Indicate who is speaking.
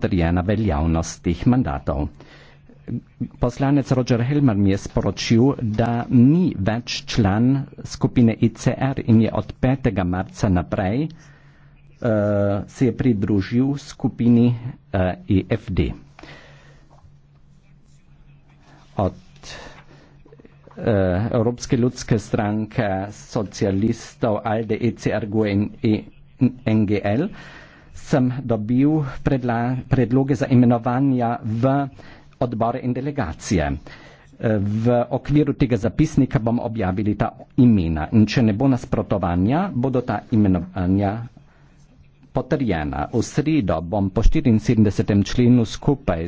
Speaker 1: potrjena veljavnost teh mandatov. Poslanec Roger Helmer mi je sporočil, da ni več član skupine ICR in je od 5. marca naprej uh, se je pridružil skupini uh, eh, EFD. Od uh, Evropske ljudske stranke, socialistov, ALDE, ECR, GUE in NGL. Uh, sem dobil predla, predloge za imenovanja v odbore in delegacije. V okviru tega zapisnika bomo objavili ta imena in če ne bo nasprotovanja, bodo ta imenovanja potrjena. V sredo bom po 74.
Speaker 2: členu skupaj